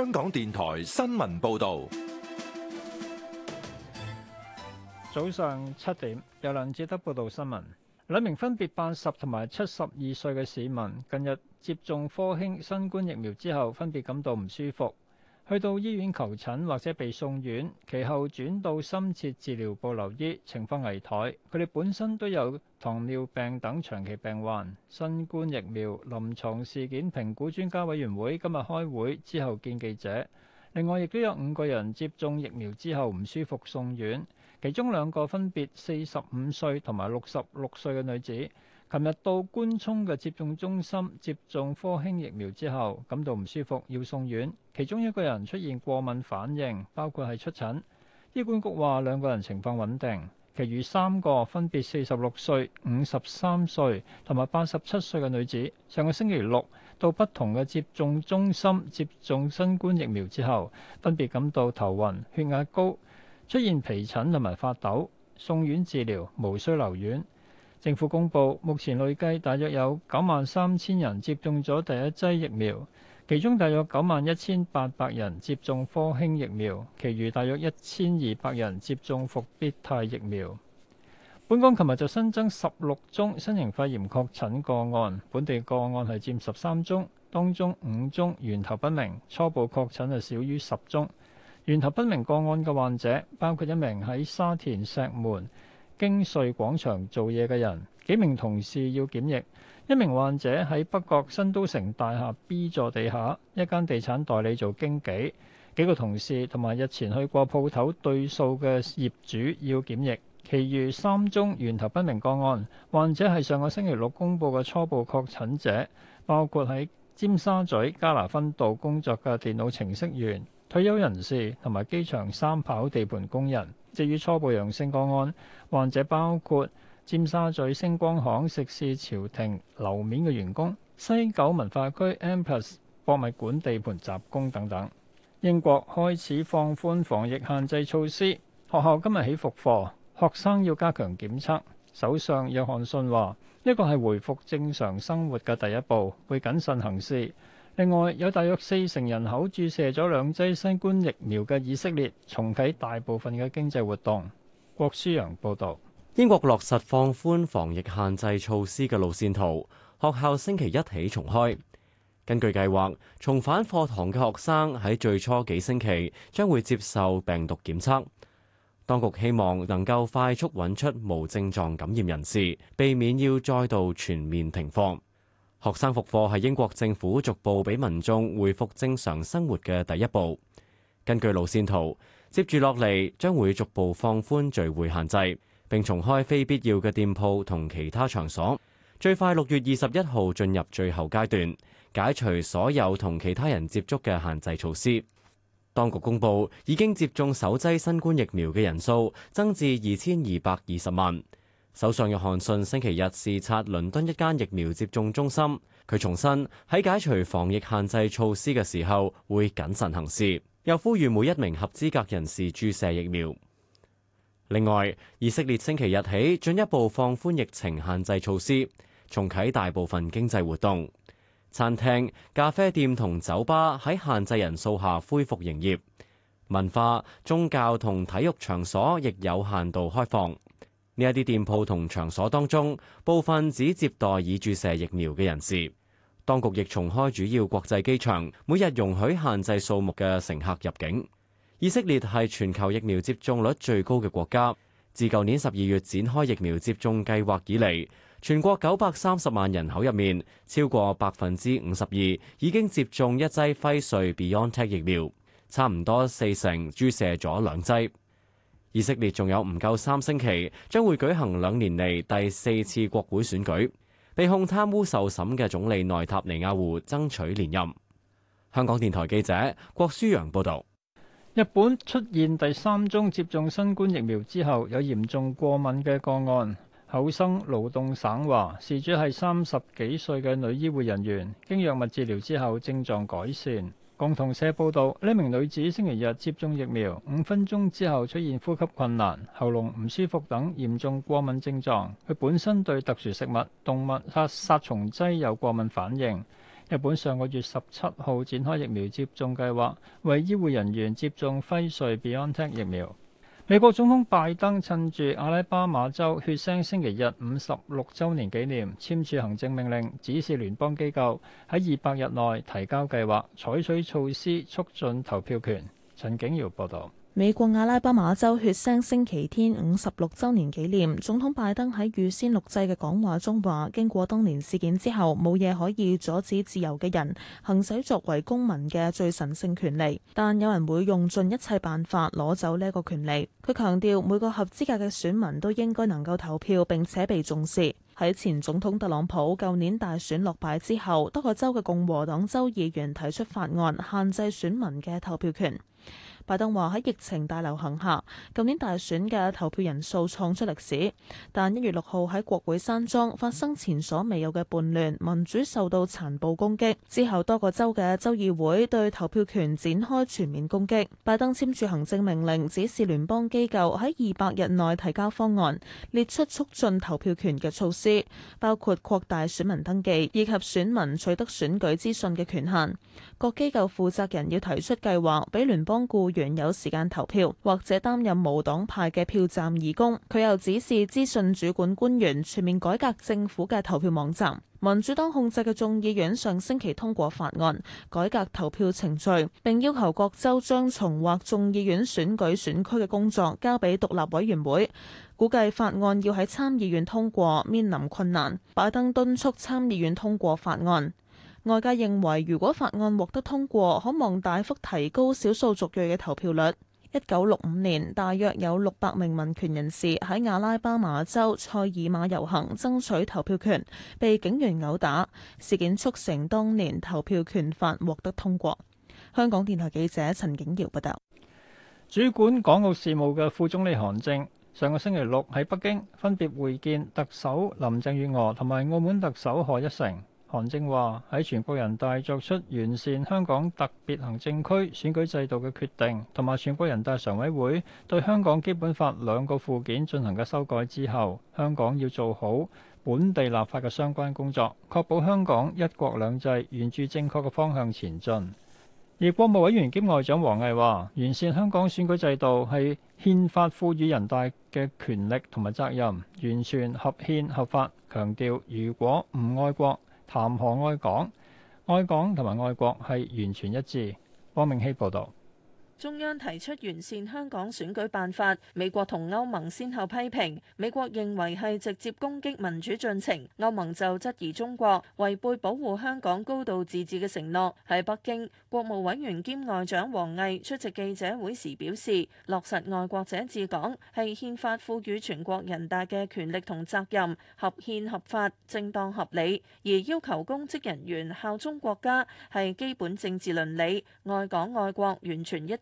香港電台新聞報道，早上七點，由梁志德報道新聞。兩名分別八十同埋七十二歲嘅市民，近日接種科興新冠疫苗之後，分別感到唔舒服。去到醫院求診或者被送院，其後轉到深切治療部留醫，情況危殆。佢哋本身都有糖尿病等長期病患。新冠疫苗臨床事件評估專家委員會今日開會之後見記者。另外，亦都有五個人接種疫苗之後唔舒服送院，其中兩個分別四十五歲同埋六十六歲嘅女子。琴日到官涌嘅接種中心接種科興疫苗之後感到唔舒服要送院，其中一個人出現過敏反應，包括係出疹。醫管局話兩個人情況穩定，其餘三個分別四十六歲、五十三歲同埋八十七歲嘅女子，上個星期六到不同嘅接種中心接種新冠疫苗之後分別感到頭暈血壓高、出現皮疹同埋發抖，送院治療無需留院。政府公布，目前累計大約有九萬三千人接種咗第一劑疫苗，其中大約九萬一千八百人接種科興疫苗，其餘大約一千二百人接種復必泰疫苗。本港琴日就新增十六宗新型肺炎確診個案，本地個案係佔十三宗，當中五宗源頭不明，初步確診係少於十宗。源頭不明個案嘅患者包括一名喺沙田石門京瑞廣場做嘢嘅人，幾名同事要檢疫；一名患者喺北角新都城大廈 B 座地下一間地產代理做經紀，幾個同事同埋日前去過鋪頭對數嘅業主要檢疫。其餘三宗源頭不明個案，患者係上個星期六公佈嘅初步確診者，包括喺尖沙咀加拿芬道工作嘅電腦程式員、退休人士同埋機場三跑地盤工人。至於初步陽性個案，患者包括尖沙咀星光行、食肆、朝廷樓面嘅員工、西九文化區 M+ 博物館地盤雜工等等。英國開始放寬防疫限制措施，學校今日起復課，學生要加強檢測。首相約翰遜話，呢個係回復正常生活嘅第一步，會謹慎行事。另外，有大約四成人口注射咗兩劑新冠疫苗嘅以色列，重啟大部分嘅經濟活動。郭舒陽報道。英國落實放寬防疫限制措施嘅路線圖，學校星期一起重開。根據計劃，重返課堂嘅學生喺最初幾星期將會接受病毒檢測。當局希望能夠快速揾出無症狀感染人士，避免要再度全面停課。學生復課係英國政府逐步俾民眾回復正常生活嘅第一步。根據路線圖，接住落嚟將會逐步放寬聚會限制，並重開非必要嘅店鋪同其他場所。最快六月二十一號進入最後階段，解除所有同其他人接觸嘅限制措施。當局公布已經接種首劑新冠疫苗嘅人數增至二千二百二十萬。首相約翰遜星期日視察倫敦一間疫苗接種中心，佢重申喺解除防疫限制措施嘅時候會謹慎行事，又呼籲每一名合資格人士注射疫苗。另外，以色列星期日起進一步放寬疫情限制措施，重啟大部分經濟活動，餐廳、咖啡店同酒吧喺限制人數下恢復營業，文化、宗教同體育場所亦有限度開放。呢一啲店鋪同場所當中，部分只接待已注射疫苗嘅人士。當局亦重開主要國際機場，每日容許限制數目嘅乘客入境。以色列係全球疫苗接種率最高嘅國家。自舊年十二月展開疫苗接種計劃以嚟，全國九百三十萬人口入面，超過百分之五十二已經接種一劑輝瑞 BioNTech 疫苗，差唔多四成注射咗兩劑。以色列仲有唔夠三星期，將會舉行兩年嚟第四次國會選舉。被控貪污受審嘅總理內塔尼亞胡爭取連任。香港電台記者郭舒揚報導。日本出現第三宗接種新冠疫苗之後有嚴重過敏嘅個案，厚生勞動省話，事主係三十幾歲嘅女醫護人員，經藥物治療之後症狀改善。共同社報導，呢名女子星期日接種疫苗，五分鐘之後出現呼吸困難、喉嚨唔舒服等嚴重過敏症狀。佢本身對特殊食物、動物啊、殺蟲劑有過敏反應。日本上個月十七號展開疫苗接種計劃，為醫護人員接種輝瑞 BioNTech 疫苗。美國總統拜登趁住阿拉巴馬州血腥星期日五十六週年紀念，簽署行政命令，指示聯邦機構喺二百日內提交計劃，採取措施促進投票權。陳景堯報道。美國阿拉巴馬州血腥星，星期天五十六周年紀念，總統拜登喺預先錄製嘅講話中話：經過當年事件之後，冇嘢可以阻止自由嘅人行使作為公民嘅最神聖權利。但有人會用盡一切辦法攞走呢個權利。佢強調每個合資格嘅選民都應該能夠投票並且被重視。喺前總統特朗普舊年大選落敗之後，多個州嘅共和黨州議員提出法案限制選民嘅投票權。拜登話喺疫情大流行下，舊年大選嘅投票人數創出歷史。但一月六號喺國會山莊發生前所未有嘅叛亂，民主受到殘暴攻擊。之後多個州嘅州議會對投票權展開全面攻擊。拜登簽署行政命令，指示聯邦機構喺二百日內提交方案，列出促進投票權嘅措施，包括擴大選民登記以及選民取得選舉資訊嘅權限。各機構負責人要提出計劃，俾聯邦雇員，員有時間投票，或者擔任無黨派嘅票站義工。佢又指示資訊主管官員全面改革政府嘅投票網站。民主黨控制嘅眾議院上星期通過法案，改革投票程序，並要求各州將重劃眾議院選舉選區嘅工作交俾獨立委員會，估計法案要喺參議院通過面臨困難，拜登敦促參議院通過法案。外界認為，如果法案獲得通過，可望大幅提高少數族裔嘅投票率。一九六五年，大約有六百名民權人士喺阿拉巴馬州賽爾馬遊行爭取投票權，被警員毆打，事件促成當年投票權法獲得通過。香港電台記者陳景瑤報道。主管港澳事務嘅副總理韓正上個星期六喺北京分別會見特首林鄭月娥同埋澳門特首賀一誠。韓正話喺全國人大作出完善香港特別行政區選舉制度嘅決定，同埋全國人大常委會對香港基本法兩個附件進行嘅修改之後，香港要做好本地立法嘅相關工作，確保香港一國兩制沿住正確嘅方向前進。而國務委員兼外長王毅話：完善香港選舉制度係憲法賦予人大嘅權力同埋責任，完全合憲合法。強調如果唔愛國，談何愛港？愛港同埋愛國係完全一致。汪明熙報導。中央提出完善香港選舉辦法，美國同歐盟先後批評，美國認為係直接攻擊民主進程，歐盟就質疑中國違背保護香港高度自治嘅承諾。喺北京，國務委員兼外長王毅出席記者會時表示，落實愛國者治港係憲法賦予全國人大嘅權力同責任，合憲合法、正當合理，而要求公職人員效忠國家係基本政治倫理，愛港愛國完全一。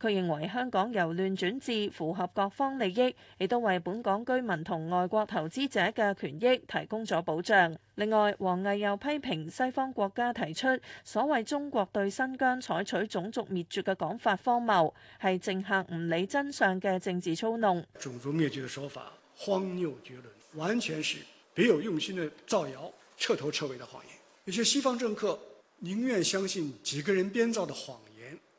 佢認為香港由亂轉至符合各方利益，亦都為本港居民同外國投資者嘅權益提供咗保障。另外，王毅又批評西方國家提出所謂中國對新疆採取種族滅絕嘅講法荒謬，係政客唔理真相嘅政治操弄。種族滅絕嘅說法荒謬絕倫，完全是別有用心嘅造謠，徹頭徹尾嘅謊言。有些西方政客寧願相信幾個人編造的謊。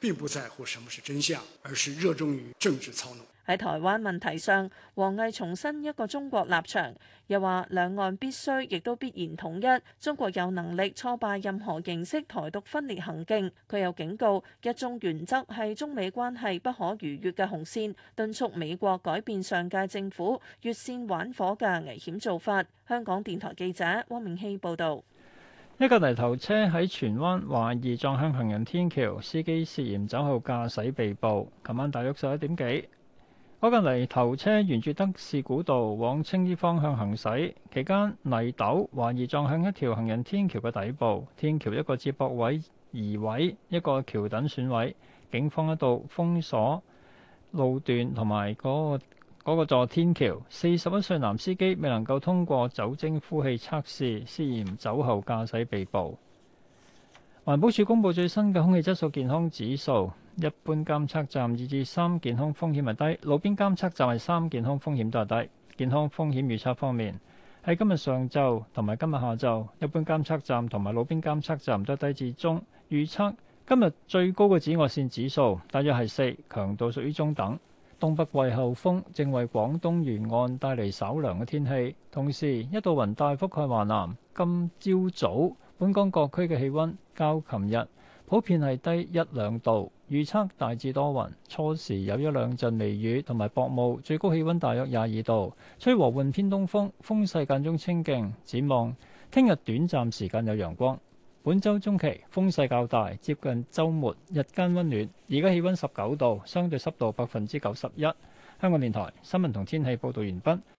並不在乎什麼是真相，而是熱衷於政治操弄。喺台灣問題上，王毅重申一個中國立場，又話兩岸必須亦都必然統一。中國有能力挫敗任何形式台獨分裂行徑，佢又警告，一中原則係中美關係不可逾越嘅紅線，敦促美國改變上屆政府越線玩火嘅危險做法。香港電台記者汪明熙報道。一架泥頭車喺荃灣懷疑撞向行人天橋，司機涉嫌酒後駕駛被捕。琴晚大約十一點幾，嗰架泥頭車沿住德士古道往青衣方向行駛，期間泥斗懷疑撞向一條行人天橋嘅底部，天橋一個接駁位移位，一個橋躉損毀。警方一度封鎖路段同埋嗰個。嗰個座天橋，四十一歲男司機未能夠通過酒精呼氣測試，涉嫌酒後駕駛被捕。環保署公布最新嘅空氣質素健康指數，一般監測站二至三健康風險係低，路邊監測站係三健康風險都係低。健康風險預測方面，喺今日上晝同埋今日下晝，一般監測站同埋路邊監測站都係低至中。預測今日最高嘅紫外線指數大約係四，強度屬於中等。東北季候風正為廣東沿岸帶嚟稍涼嘅天氣，同時一道雲帶覆蓋華南。今朝早，早，本港各區嘅氣溫較琴日普遍係低一兩度。預測大致多雲，初時有一兩陣微雨同埋薄霧，最高氣溫大約廿二度，吹和緩偏東風，風勢間中清勁。展望聽日短暫時間有陽光。本周中期風勢較大，接近週末，日間溫暖。而家氣溫十九度，相對濕度百分之九十一。香港電台新聞同天氣報導完畢。